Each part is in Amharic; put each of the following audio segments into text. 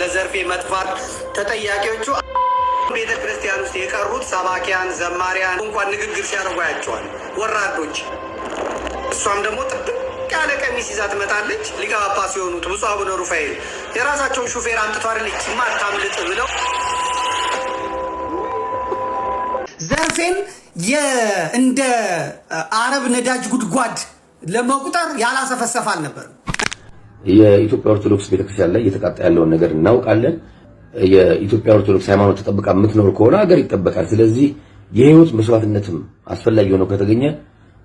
ለዘርፌ መጥፋት ተጠያቂዎቹ ቤተ ክርስቲያን ውስጥ የቀሩት ሰባኪያን፣ ዘማሪያን እንኳን ንግግር ሲያደርጉ ወራዶች። እሷም ደግሞ ጥብቅ ያለ ቀሚስ ይዛ ትመጣለች። ሊቀ ጳጳስ የሆኑት ብፁዕ አቡነ ሩፋኤል የራሳቸውን ሹፌር አምጥቷል። ማታምልጥ ብለው ዘርፌን እንደ አረብ ነዳጅ ጉድጓድ ለመቁጠር ያላሰፈሰፋል ነበር። የኢትዮጵያ ኦርቶዶክስ ቤተክርስቲያን ላይ እየተቃጣ ያለውን ነገር እናውቃለን። የኢትዮጵያ ኦርቶዶክስ ሃይማኖት ተጠብቃ የምትኖር ከሆነ ሀገር ይጠበቃል። ስለዚህ የህይወት መስዋዕትነትም አስፈላጊ ሆኖ ከተገኘ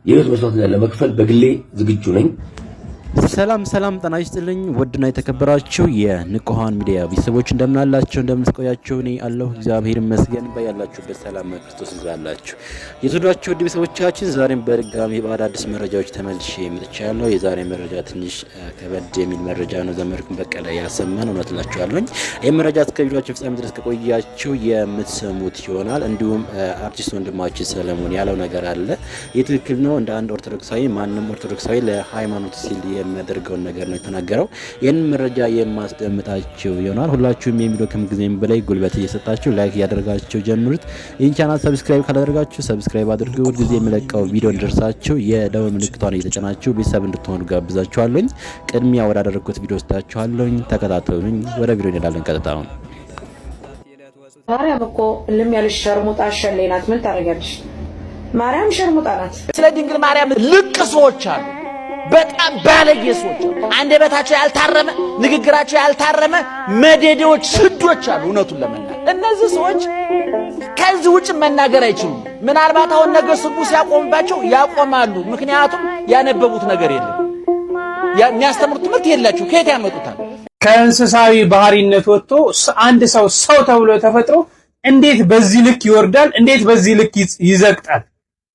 የህይወት መስዋዕትነት ለመክፈል በግሌ ዝግጁ ነኝ። ሰላም ሰላም ጤና ይስጥልኝ ውድና የተከበራችሁ የንቁሃን ሚዲያ ቤተሰቦች እንደምናላችሁ እንደምንስቆያችሁ እኔ አለሁ እግዚአብሔር ይመስገን። በያላችሁበት ሰላም ክርስቶስ ይብዛላችሁ። የዙዳችሁ ውድ ቤተሰቦቻችን ዛሬም በድጋሚ በአዳዲስ መረጃዎች ተመልሼ መጥቻለሁ። የዛሬ መረጃ ትንሽ ከበድ የሚል መረጃ ነው። ዘመድኩን በቀለ ያሰማን እውነት ላችኋለሁኝ። ይህ መረጃ እስከ ቪዲዮችን ፍጻሜ ድረስ ከቆያችሁ የምትሰሙት ይሆናል። እንዲሁም አርቲስት ወንድማችን ሰለሞን ያለው ነገር አለ። ይህ ትክክል ነው። እንደ አንድ ኦርቶዶክሳዊ ማንም ኦርቶዶክሳዊ ለሃይማኖት ሲል የሚያደርገውን ነገር ነው የተናገረው። ይህንን መረጃ የማስቀምጣችሁ ይሆናል። ሁላችሁም የሚለው ከምንጊዜም በላይ ጉልበት እየሰጣችሁ ላይክ እያደረጋችሁ ጀምሩት። ይህን ቻናል ሰብስክራይብ ካላደረጋችሁ ሰብስክራይብ አድርጉ። ሁልጊዜ የሚለቀው ቪዲዮ እንዲደርሳችሁ የደወል ምልክቷን እየተጨናችሁ ቤተሰብ እንድትሆኑ ጋብዛችኋለኝ። ቅድሚያ ወዳደረግኩት ቪዲዮ ስታችኋለኝ። ተከታተሉኝ። ወደ ቪዲዮ እንሄዳለን ቀጥታ ነው ማርያም እኮ እልም ያለሽ ሸርሙጣ ሸሌ ናት። ምን ታደርጊያለሽ? ማርያም ሸርሙጣ ናት። ስለ ድንግል ማርያም ልቅ ሰዎች አሉ። በጣም ባለጌ ሰዎች አሉ። አንደበታቸው ያልታረመ፣ ንግግራቸው ያልታረመ መደዴዎች፣ ስዶች አሉ። እውነቱን ለመናገር እነዚህ ሰዎች ከዚህ ውጭ መናገር አይችሉም። ምናልባት አሁን ነገር ስቡ ሲያቆምባቸው ያቆማሉ። ምክንያቱም ያነበቡት ነገር የለም፣ የሚያስተምሩት ትምህርት የላቸው። ከየት ያመጡታል? ከእንስሳዊ ባህሪነት ወጥቶ አንድ ሰው ሰው ተብሎ ተፈጥሮ እንዴት በዚህ ልክ ይወርዳል? እንዴት በዚህ ልክ ይዘግጣል?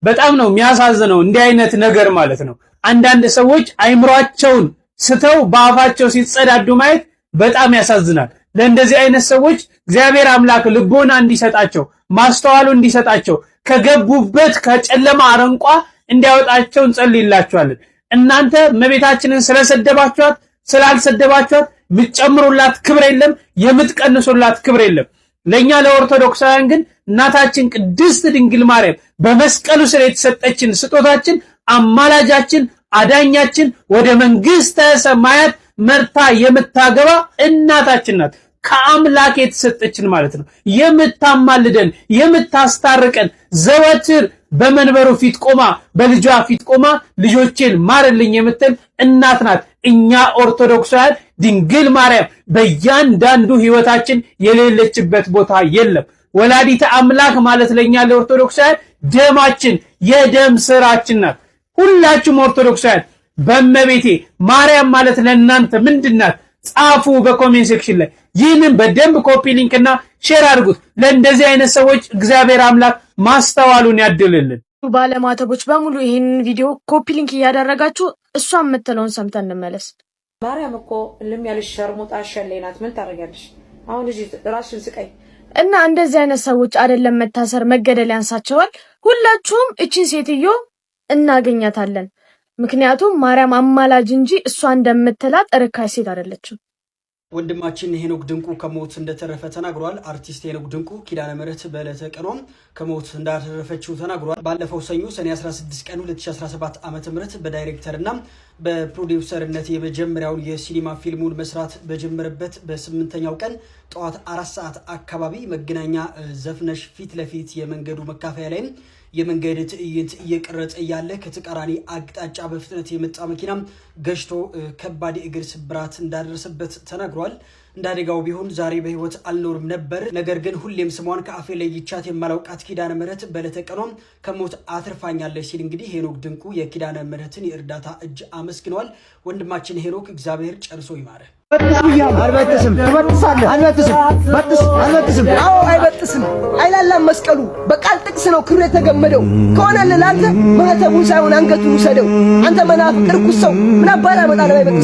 በጣም ነው የሚያሳዝነው እንዲህ አይነት ነገር ማለት ነው። አንዳንድ ሰዎች አይምሯቸውን ስተው በአፋቸው ሲጸዳዱ ማየት በጣም ያሳዝናል። ለእንደዚህ አይነት ሰዎች እግዚአብሔር አምላክ ልቦና እንዲሰጣቸው ማስተዋሉ እንዲሰጣቸው ከገቡበት ከጨለማ አረንቋ እንዲያወጣቸው እንጸልይላችኋለን። እናንተ እመቤታችንን ስለሰደባችኋት ስላልሰደባችኋት የምትጨምሩላት ክብር የለም፣ የምትቀንሱላት ክብር የለም። ለእኛ ለኦርቶዶክሳውያን ግን እናታችን ቅድስት ድንግል ማርያም በመስቀሉ ስር የተሰጠችን ስጦታችን አማላጃችን አዳኛችን ወደ መንግስተ ሰማያት መርታ የምታገባ እናታችን ናት። ከአምላክ የተሰጠችን ማለት ነው። የምታማልደን የምታስታርቀን፣ ዘወትር በመንበሩ ፊት ቆማ በልጇ ፊት ቆማ ልጆቼን ማርልኝ የምትል እናት ናት። እኛ ኦርቶዶክሳውያን ድንግል ማርያም በእያንዳንዱ ህይወታችን የሌለችበት ቦታ የለም። ወላዲተ አምላክ ማለት ለእኛ ለኦርቶዶክሳውያን ደማችን፣ የደም ስራችን ናት። ሁላችሁም ኦርቶዶክሳውያን በመቤቴ ማርያም ማለት ለእናንተ ምንድናት? ጻፉ በኮሜንት ሴክሽን ላይ። ይህንን በደንብ ኮፒ ሊንክና ሼር አድርጉት። ለእንደዚህ አይነት ሰዎች እግዚአብሔር አምላክ ማስተዋሉን ያድልልን። ባለማተቦች በሙሉ ይህንን ቪዲዮ ኮፒ ሊንክ እያደረጋችሁ እሷ የምትለውን ሰምተን እንመለስ። ማርያም እኮ ልም ያልሽ ሸርሙጣ ሸሌ ናት። ምን ታደርጊያለሽ? አሁን ልጅ ራስሽን ስቀይ እና እንደዚህ አይነት ሰዎች አይደለም መታሰር መገደል ያንሳቸዋል። ሁላችሁም እችን ሴትዮ እናገኛታለን። ምክንያቱም ማርያም አማላጅ እንጂ እሷ እንደምትላት ርካሽ ሴት አይደለችም። ወንድማችን ሄኖክ ድንቁ ከሞት እንደተረፈ ተናግሯል። አርቲስት ሄኖክ ድንቁ ኪዳነ ምሕረት በዕለተ ቀኗም ከሞት እንዳተረፈችው ተናግሯል። ባለፈው ሰኞ ሰኔ 16 ቀን 2017 ዓ ም በዳይሬክተርና በፕሮዲውሰርነት የመጀመሪያውን የሲኒማ ፊልሙን መስራት በጀመረበት በስምንተኛው ቀን ጠዋት አራት ሰዓት አካባቢ መገናኛ ዘፍነሽ ፊት ለፊት የመንገዱ መካፈያ ላይም የመንገድ ትዕይንት እየቀረጸ እያለ ከተቃራኒ አቅጣጫ በፍጥነት የመጣ መኪና ገጭቶ ከባድ የእግር ስብራት እንዳደረሰበት ተናግሯል። እንዳደጋው ቢሆን ዛሬ በህይወት አልኖርም ነበር። ነገር ግን ሁሌም ስሟን ከአፌ ለይቻት የማላውቃት ኪዳነ ምሕረት በለተቀኗም ከሞት አትርፋኛለች ሲል እንግዲህ ሄኖክ ድንቁ የኪዳነ ምሕረትን የእርዳታ እጅ አመስግነዋል። ወንድማችን ሄኖክ እግዚአብሔር ጨርሶ ይማረ አልበጥስም አልበጥስም። አዎ አይበጥስም። አይላላም መስቀሉ በቃል ጥቅስ ነው ክር የተገመደው። ከሆነልህ ለአንተ ማህተቡን ሳይሆን አንገቱን ውሰደው። አንተ መናፍቅ ርኩስ ሰው ምን አባል አመጣ ነው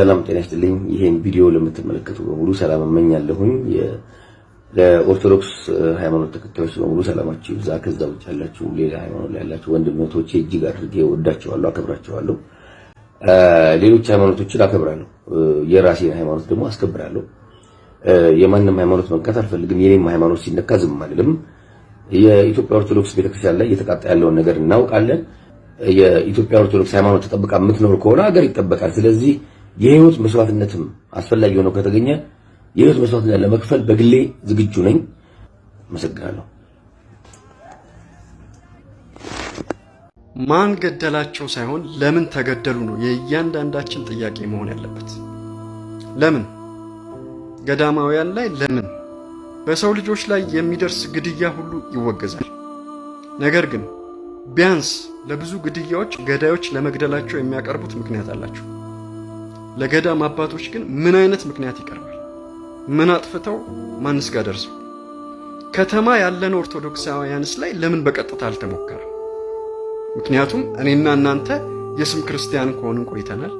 ሰላም ጤና ይስጥልኝ። ይሄን ቪዲዮ ለምትመለከቱ በሙሉ ሰላም እመኛለሁኝ። ለኦርቶዶክስ ሃይማኖት ተከታዮች በሙሉ ሰላማችሁ ይብዛ። ከዛ ውጭ ያላችሁ ሌላ ሃይማኖት ላይ ያላችሁ ወንድሞቶቼ እጅግ አድርጌ ወዳቸዋለሁ፣ አከብራቸዋለሁ። ሌሎች ሃይማኖቶችን አከብራለሁ፣ የራሴን ሃይማኖት ደግሞ አስከብራለሁ። የማንም ሃይማኖት መንካት አልፈልግም። የኔም ሃይማኖት ሲነካ ዝም አልልም። የኢትዮጵያ ኦርቶዶክስ ቤተክርስቲያን ላይ እየተቃጣ ያለውን ነገር እናውቃለን። የኢትዮጵያ ኦርቶዶክስ ሃይማኖት ተጠብቃ የምትኖር ከሆነ ሀገር ይጠበቃል። ስለዚህ የህይወት መስዋዕትነትም አስፈላጊ ሆኖ ከተገኘ የህይወት መስዋዕትነት ለመክፈል በግሌ ዝግጁ ነኝ። አመሰግናለሁ። ማን ገደላቸው ሳይሆን ለምን ተገደሉ ነው የእያንዳንዳችን ጥያቄ መሆን ያለበት። ለምን ገዳማውያን ላይ ለምን በሰው ልጆች ላይ የሚደርስ ግድያ ሁሉ ይወገዛል። ነገር ግን ቢያንስ ለብዙ ግድያዎች ገዳዮች ለመግደላቸው የሚያቀርቡት ምክንያት አላቸው። ለገዳም አባቶች ግን ምን አይነት ምክንያት ይቀርባል? ምን አጥፍተው ማንስ ጋር ደርሱ? ከተማ ያለን ኦርቶዶክሳውያንስ ላይ ለምን በቀጥታ አልተሞከረም? ምክንያቱም እኔና እናንተ የስም ክርስቲያን ከሆንን ቆይተናል።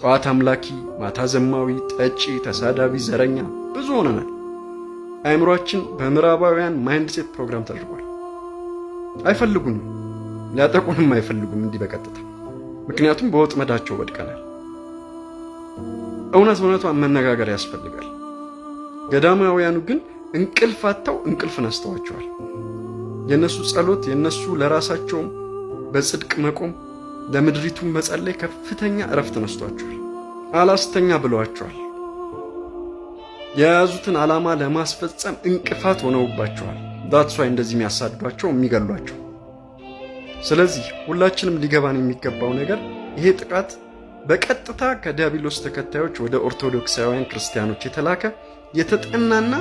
ጠዋት አምላኪ፣ ማታ ዘማዊ፣ ጠጪ፣ ተሳዳቢ፣ ዘረኛ ብዙ ሆነናል። አእምሯችን በምዕራባውያን ማይንድሴት ፕሮግራም ተደርጓል። አይፈልጉንም፣ ሊያጠቁንም አይፈልጉም እንዲህ በቀጥታ ምክንያቱም በወጥመዳቸው ወድቀናል። እውነት እውነቷን መነጋገር ያስፈልጋል። ገዳማውያኑ ግን እንቅልፍ አጥተው እንቅልፍ ነስተዋቸዋል። የእነሱ ጸሎት የእነሱ ለራሳቸውም በጽድቅ መቆም ለምድሪቱም መጸለይ ከፍተኛ እረፍት ነስቷቸዋል። አላስተኛ ብለዋቸዋል። የያዙትን ዓላማ ለማስፈጸም እንቅፋት ሆነውባቸዋል። ዳትሷይ እንደዚህ የሚያሳድዷቸው የሚገሏቸው። ስለዚህ ሁላችንም ሊገባን የሚገባው ነገር ይሄ ጥቃት በቀጥታ ከዲያብሎስ ተከታዮች ወደ ኦርቶዶክሳውያን ክርስቲያኖች የተላከ የተጠናና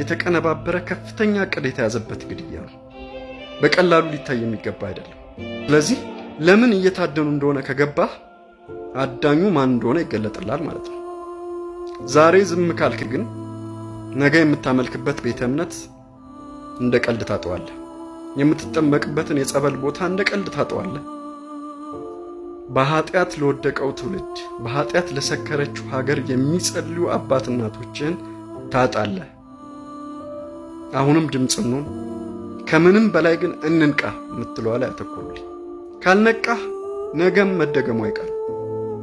የተቀነባበረ ከፍተኛ ዕቅድ የተያዘበት ግድያ ነው። በቀላሉ ሊታይ የሚገባ አይደለም። ስለዚህ ለምን እየታደኑ እንደሆነ ከገባህ አዳኙ ማን እንደሆነ ይገለጥላል ማለት ነው። ዛሬ ዝም ካልክ ግን ነገ የምታመልክበት ቤተ እምነት እንደ ቀልድ ታጠዋለህ። የምትጠመቅበትን የጸበል ቦታ እንደ ቀልድ ታጠዋለህ። በኃጢአት ለወደቀው ትውልድ፣ በኃጢአት ለሰከረችው ሀገር የሚጸልዩ አባት እናቶችህን ታጣለህ። አሁንም ድምፅ ከምንም በላይ ግን እንንቃ የምትለዋ ላይ አተኩሩልኝ። ካልነቃህ ነገም መደገሙ አይቀር፣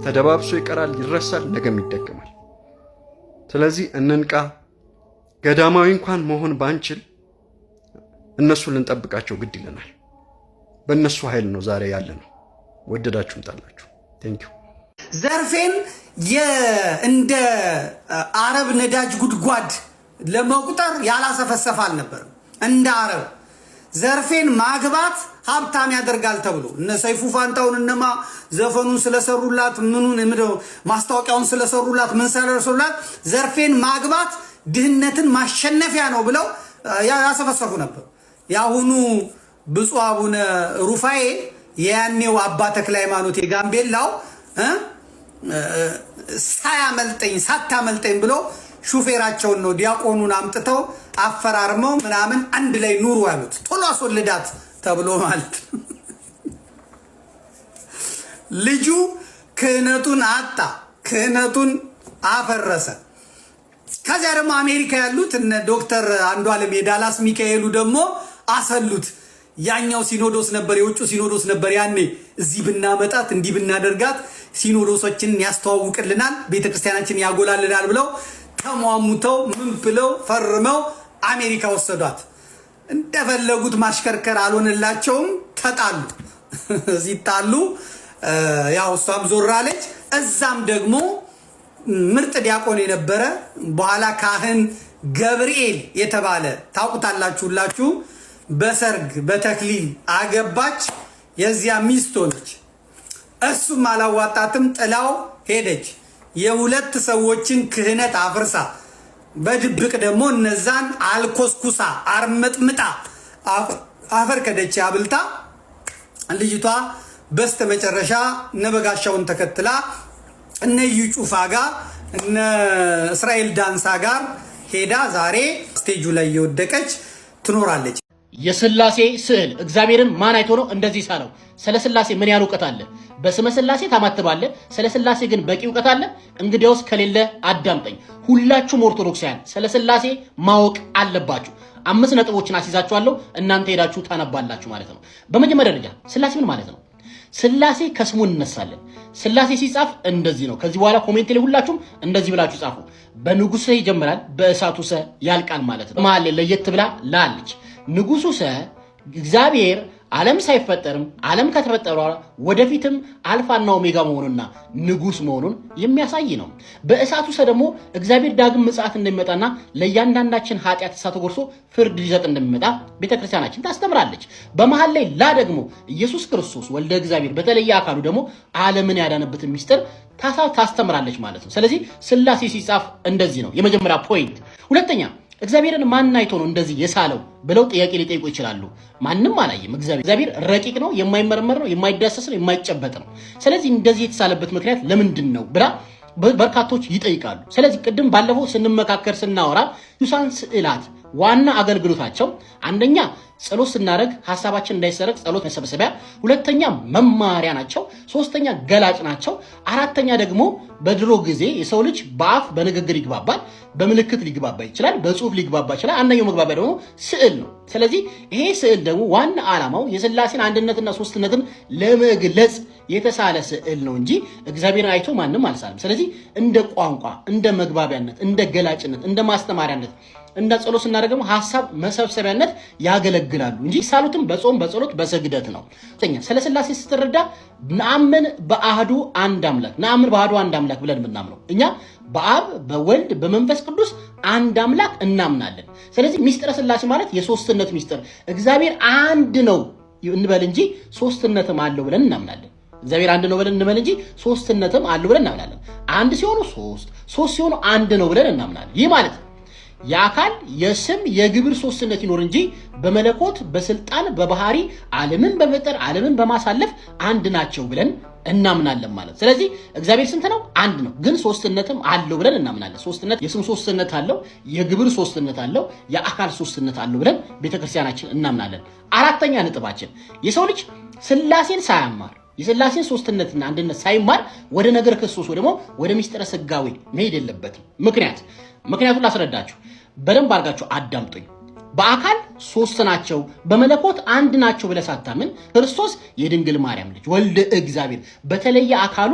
ተደባብሶ ይቀራል፣ ይረሳል፣ ነገም ይደገማል። ስለዚህ እንንቃ። ገዳማዊ እንኳን መሆን ባንችል እነሱን ልንጠብቃቸው ግድ ይለናል። በእነሱ ኃይል ነው ዛሬ ያለ ነው። ወደዳችሁም ጣላችሁ። ቴንኪው ዘርፌን እንደ አረብ ነዳጅ ጉድጓድ ለመቁጠር ያላሰፈሰፈ አልነበርም። እንደ አረብ ዘርፌን ማግባት ሀብታም ያደርጋል ተብሎ እነ ሰይፉ ፋንታውን እነማ ዘፈኑን ስለሰሩላት ምኑን ምደው ማስታወቂያውን ስለሰሩላት ምን ስለሰሩላት ዘርፌን ማግባት ድህነትን ማሸነፊያ ነው ብለው ያሰፈሰፉ ነበር። የአሁኑ ብፁዕ አቡነ ሩፋኤ የያኔው አባ ተክለ ሃይማኖት የጋምቤላው ሳያመልጠኝ ሳታመልጠኝ ብሎ ሹፌራቸውን ነው ዲያቆኑን አምጥተው አፈራርመው ምናምን አንድ ላይ ኑሩ አሉት። ቶሎ አስወልዳት ተብሎ ማለት ልጁ ክህነቱን አጣ፣ ክህነቱን አፈረሰ። ከዚያ ደግሞ አሜሪካ ያሉት እነ ዶክተር አንዷለም የዳላስ ሚካኤሉ ደግሞ አሰሉት። ያኛው ሲኖዶስ ነበር፣ የውጭ ሲኖዶስ ነበር። ያኔ እዚህ ብናመጣት እንዲህ ብናደርጋት ሲኖዶሶችን ያስተዋውቅልናል፣ ቤተክርስቲያናችን ያጎላልናል ብለው ተሟሙተው ምን ብለው ፈርመው አሜሪካ ወሰዷት። እንደፈለጉት ማሽከርከር አልሆነላቸውም፣ ተጣሉ። ሲጣሉ ያው እሷም ዞር አለች። እዛም ደግሞ ምርጥ ዲያቆን የነበረ በኋላ ካህን ገብርኤል የተባለ ታውቁታላችሁላችሁ በሰርግ በተክሊል አገባች። የዚያ ሚስት ሆነች። እሱም አላዋጣትም፣ ጥላው ሄደች። የሁለት ሰዎችን ክህነት አፍርሳ በድብቅ ደግሞ እነዛን አልኮስኩሳ አርመጥምጣ አፈር ከደች አብልታ ልጅቷ በስተ መጨረሻ ነበጋሻውን ተከትላ እነ እዩ ጩፋ ጋር እነ እስራኤል ዳንሳ ጋር ሄዳ ዛሬ ስቴጁ ላይ እየወደቀች ትኖራለች። የስላሴ ስዕል እግዚአብሔርን ማን አይቶ ነው እንደዚህ ሳለው? ስለ ስላሴ ምን ያህል እውቀት አለ? በስመ ስላሴ ታማትባለ፣ ስለ ስላሴ ግን በቂ እውቀት አለ? እንግዲያውስ ከሌለ አዳምጠኝ። ሁላችሁም ኦርቶዶክሳውያን ስለ ስላሴ ማወቅ አለባችሁ። አምስት ነጥቦችን አስይዛችኋለሁ። እናንተ ሄዳችሁ ታነባላችሁ ማለት ነው። በመጀመሪያ ደረጃ ስላሴ ምን ማለት ነው? ስላሴ ከስሙ እንነሳለን። ስላሴ ሲጻፍ እንደዚህ ነው። ከዚህ በኋላ ኮሜንት ላይ ሁላችሁም እንደዚህ ብላችሁ ጻፉ። በንጉሰ ይጀምራል፣ ሰ ያልቃል ማለት ነው። መሀል ለየት ብላ ላለች ንጉሱ ሰ እግዚአብሔር ዓለም ሳይፈጠርም ዓለም ከተፈጠረ ወደፊትም አልፋና ኦሜጋ መሆኑና ንጉስ መሆኑን የሚያሳይ ነው። በእሳቱ ሰ ደግሞ እግዚአብሔር ዳግም ምጽአት እንደሚመጣና ለእያንዳንዳችን ኃጢአት እሳት ጎርሶ ፍርድ ሊሰጥ እንደሚመጣ ቤተክርስቲያናችን ታስተምራለች። በመሀል ላይ ላ ደግሞ ኢየሱስ ክርስቶስ ወልደ እግዚአብሔር በተለየ አካሉ ደግሞ ዓለምን ያዳነበትን ሚስጥር ታስተምራለች ማለት ነው። ስለዚህ ስላሴ ሲጻፍ እንደዚህ ነው። የመጀመሪያ ፖይንት። ሁለተኛ እግዚአብሔርን ማን አይቶ ነው እንደዚህ የሳለው ብለው ጥያቄ ሊጠይቁ ይችላሉ። ማንም አላየም። እግዚአብሔር ረቂቅ ነው፣ የማይመረመር ነው፣ የማይዳሰስ ነው፣ የማይጨበጥ ነው። ስለዚህ እንደዚህ የተሳለበት ምክንያት ለምንድን ነው ብላ በርካቶች ይጠይቃሉ። ስለዚህ ቅድም ባለፈው ስንመካከር ስናወራ ዩሳን ስዕላት ዋና አገልግሎታቸው አንደኛ ጸሎት ስናደርግ ሀሳባችን እንዳይሰረቅ ጸሎት መሰብሰቢያ፣ ሁለተኛ መማሪያ ናቸው፣ ሶስተኛ ገላጭ ናቸው፣ አራተኛ ደግሞ በድሮ ጊዜ የሰው ልጅ በአፍ በንግግር ይግባባል፣ በምልክት ሊግባባ ይችላል፣ በጽሁፍ ሊግባባ ይችላል። አንደኛው መግባቢያ ደግሞ ስዕል ነው። ስለዚህ ይሄ ስዕል ደግሞ ዋና ዓላማው የስላሴን አንድነትና ሶስትነትን ለመግለጽ የተሳለ ስዕል ነው እንጂ እግዚአብሔርን አይቶ ማንም አልሳለም። ስለዚህ እንደ ቋንቋ፣ እንደ መግባቢያነት፣ እንደ ገላጭነት፣ እንደ ማስተማሪያነት እና ጸሎት ስናደርግ ደግሞ ሀሳብ መሰብሰቢያነት ያገለግላሉ እንጂ ሳሉትም በጾም በጸሎት በስግደት ነው። ስለ ስላሴ ስትረዳ ነአምን በአህዱ አንድ አምላክ ነአምን በአህዱ አንድ አምላክ ብለን የምናምነው እኛ በአብ በወልድ በመንፈስ ቅዱስ አንድ አምላክ እናምናለን። ስለዚህ ሚስጥረ ስላሴ ማለት የሶስትነት ሚስጥር እግዚአብሔር አንድ ነው እንበል እንጂ ሶስትነትም አለው ብለን እናምናለን። እግዚአብሔር አንድ ነው ብለን እንበል እንጂ ሶስትነትም አለው ብለን እናምናለን። አንድ ሲሆኑ ሶስት፣ ሶስት ሲሆኑ አንድ ነው ብለን እናምናለን። ይህ ማለት የአካል የስም የግብር ሶስትነት ይኖር እንጂ በመለኮት በስልጣን በባህሪ ዓለምን በመፍጠር ዓለምን በማሳለፍ አንድ ናቸው ብለን እናምናለን ማለት። ስለዚህ እግዚአብሔር ስንት ነው? አንድ ነው፣ ግን ሶስትነትም አለው ብለን እናምናለን። ሶስትነት የስም ሶስትነት አለው፣ የግብር ሶስትነት አለው፣ የአካል ሶስትነት አለው ብለን ቤተክርስቲያናችን እናምናለን። አራተኛ ነጥባችን የሰው ልጅ ስላሴን ሳያማር የሥላሴን ሶስትነትና አንድነት ሳይማር ወደ ነገር ክርስቶስ ደግሞ ወደ ሚስጥረ ስጋዊ መሄድ የለበትም። ምክንያት ምክንያቱን ላስረዳችሁ፣ በደንብ አድርጋችሁ አዳምጡኝ። በአካል ሶስት ናቸው፣ በመለኮት አንድ ናቸው ብለህ ሳታምን ክርስቶስ የድንግል ማርያም ልጅ ወልድ እግዚአብሔር በተለየ አካሉ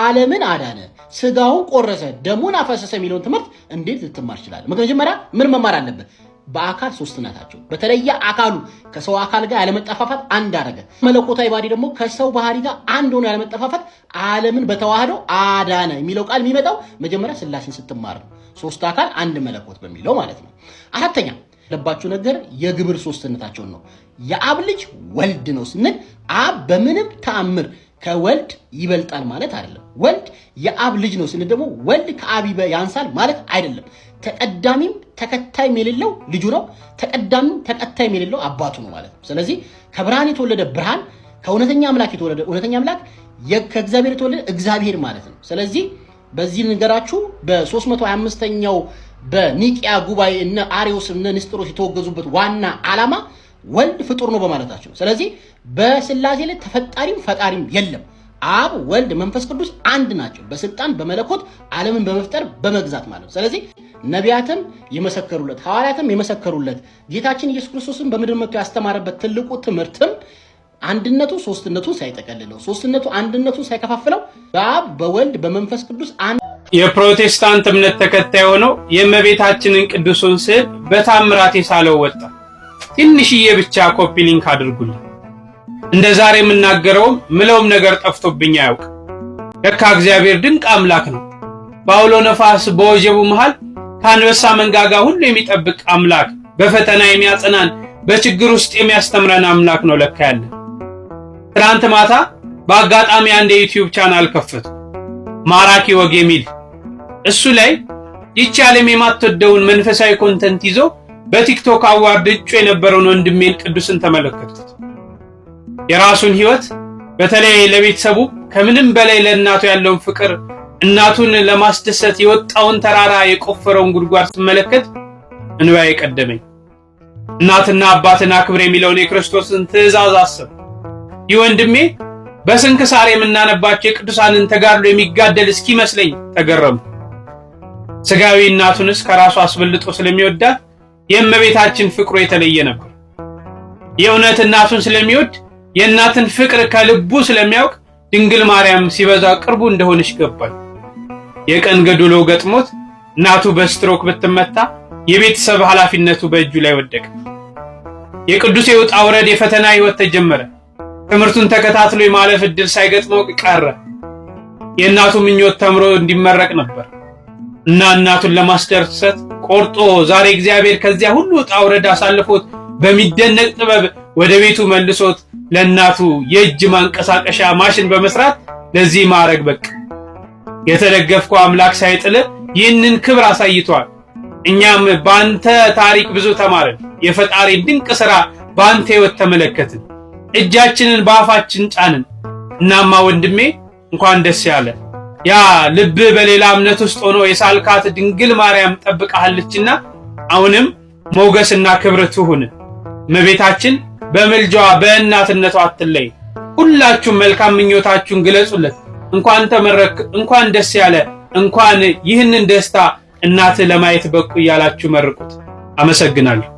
ዓለምን አዳነ፣ ስጋውን ቆረሰ፣ ደሙን አፈሰሰ የሚለውን ትምህርት እንዴት ልትማር ይችላል? መጀመሪያ ምን መማር አለበት? በአካል ሶስት ናታቸው። በተለየ አካሉ ከሰው አካል ጋር ያለመጠፋፋት አንድ አደረገ። መለኮታዊ ባህሪ ደግሞ ከሰው ባህሪ ጋር አንድ ሆኖ ያለመጠፋፋት ዓለምን በተዋህዶ አዳነ የሚለው ቃል የሚመጣው መጀመሪያ ስላሴን ስትማር ነው። ሶስት አካል አንድ መለኮት በሚለው ማለት ነው። አራተኛ ለባችሁ ነገር የግብር ሶስትነታቸውን ነው። የአብ ልጅ ወልድ ነው ስንል አብ በምንም ተአምር ከወልድ ይበልጣል ማለት አይደለም። ወልድ የአብ ልጅ ነው ስንል ደግሞ ወልድ ከአብ ያንሳል ማለት አይደለም። ተቀዳሚም ተከታይም የሌለው ልጁ ነው። ተቀዳሚም ተከታይም የሌለው አባቱ ነው ማለት ነው። ስለዚህ ከብርሃን የተወለደ ብርሃን፣ ከእውነተኛ አምላክ የተወለደ እውነተኛ አምላክ፣ ከእግዚአብሔር የተወለደ እግዚአብሔር ማለት ነው። ስለዚህ በዚህ ነገራችሁ በ325ኛው በኒቅያ ጉባኤ እነ አሪዎስ እነ ንስጥሮስ የተወገዙበት ዋና ዓላማ ወልድ ፍጡር ነው በማለታቸው። ስለዚህ በስላሴ ላይ ተፈጣሪም ፈጣሪም የለም። አብ ወልድ መንፈስ ቅዱስ አንድ ናቸው፣ በስልጣን በመለኮት ዓለምን በመፍጠር በመግዛት ማለት ነው። ስለዚህ ነቢያትም የመሰከሩለት ሐዋርያትም የመሰከሩለት ጌታችን ኢየሱስ ክርስቶስን በምድር መጥቶ ያስተማረበት ትልቁ ትምህርትም አንድነቱ ሶስትነቱን ሳይጠቀልለው ሶስትነቱ አንድነቱን ሳይከፋፍለው በአብ በወልድ በመንፈስ ቅዱስ የፕሮቴስታንት እምነት ተከታይ ሆነው የእመቤታችንን ቅዱሱን ስዕል በታምራት የሳለው ወጣ። ትንሽዬ ብቻ ኮፒ ሊንክ አድርጉልኝ። እንደ ዛሬ የምናገረውም ምለውም ነገር ጠፍቶብኝ አያውቅ። ለካ እግዚአብሔር ድንቅ አምላክ ነው። በአውሎ ነፋስ በወጀቡ መሃል ከአንበሳ መንጋጋ ሁሉ የሚጠብቅ አምላክ፣ በፈተና የሚያጸናን፣ በችግር ውስጥ የሚያስተምረን አምላክ ነው ለካ ያለ። ትናንት ማታ በአጋጣሚ አንድ የዩቲዩብ ቻናል ከፈቱ ማራኪ ወግ የሚል እሱ ላይ ይቺ ዓለም የማትወደውን መንፈሳዊ ኮንተንት ይዞ በቲክቶክ አዋርድ እጩ የነበረውን ወንድሜን ቅዱስን ተመለከቱት። የራሱን ሕይወት በተለይ ለቤተሰቡ ከምንም በላይ ለእናቱ ያለውን ፍቅር እናቱን ለማስደሰት የወጣውን ተራራ የቆፈረውን ጉድጓድ ስመለከት እንባ የቀደመኝ እናትና አባትን አክብር የሚለውን የክርስቶስን ትእዛዝ አሰብ ይህ ወንድሜ በስንክሳር የምናነባቸው የቅዱሳንን ተጋድሎ የሚጋደል እስኪመስለኝ ተገረሙ። ስጋዊ እናቱንስ ከራሱ አስበልጦ ስለሚወዳት የእመቤታችን ፍቅሩ የተለየ ነበር። የእውነት እናቱን ስለሚወድ የእናትን ፍቅር ከልቡ ስለሚያውቅ ድንግል ማርያም ሲበዛ ቅርቡ እንደሆነች ገባኝ። የቀን ገድሎ ገጥሞት እናቱ በስትሮክ ብትመታ የቤተሰብ ኃላፊነቱ በእጁ ላይ ወደቀ። የቅዱስ የውጣ ውረድ የፈተና ህይወት ተጀመረ። ትምህርቱን ተከታትሎ የማለፍ እድል ሳይገጥመው ቀረ። የእናቱ ምኞት ተምሮ እንዲመረቅ ነበር እና እናቱን ለማስደሰት ቆርጦ ዛሬ እግዚአብሔር ከዚያ ሁሉ ውጣ ውረድ አሳልፎት በሚደነቅ ጥበብ ወደ ቤቱ መልሶት ለእናቱ የእጅ ማንቀሳቀሻ ማሽን በመስራት ለዚህ ማዕረግ በቃ። የተደገፍከው አምላክ ሳይጥልህ ይህንን ክብር አሳይቷል። እኛም በአንተ ታሪክ ብዙ ተማርን። የፈጣሪ ድንቅ ሥራ በአንተ ሕይወት ተመለከትን። እጃችንን በአፋችን ጫንን። እናማ ወንድሜ እንኳን ደስ ያለ ያ ልብ በሌላ እምነት ውስጥ ሆኖ የሳልካት ድንግል ማርያም ጠብቃሃለችና አሁንም ሞገስና ክብር ትሁን። እመቤታችን በምልጇ በእናትነቷ አትለይ። ሁላችሁም መልካም ምኞታችሁን ግለጹለት። እንኳን ተመረክ፣ እንኳን ደስ ያለ፣ እንኳን ይህንን ደስታ እናት ለማየት በቁ እያላችሁ መርቁት። አመሰግናለሁ።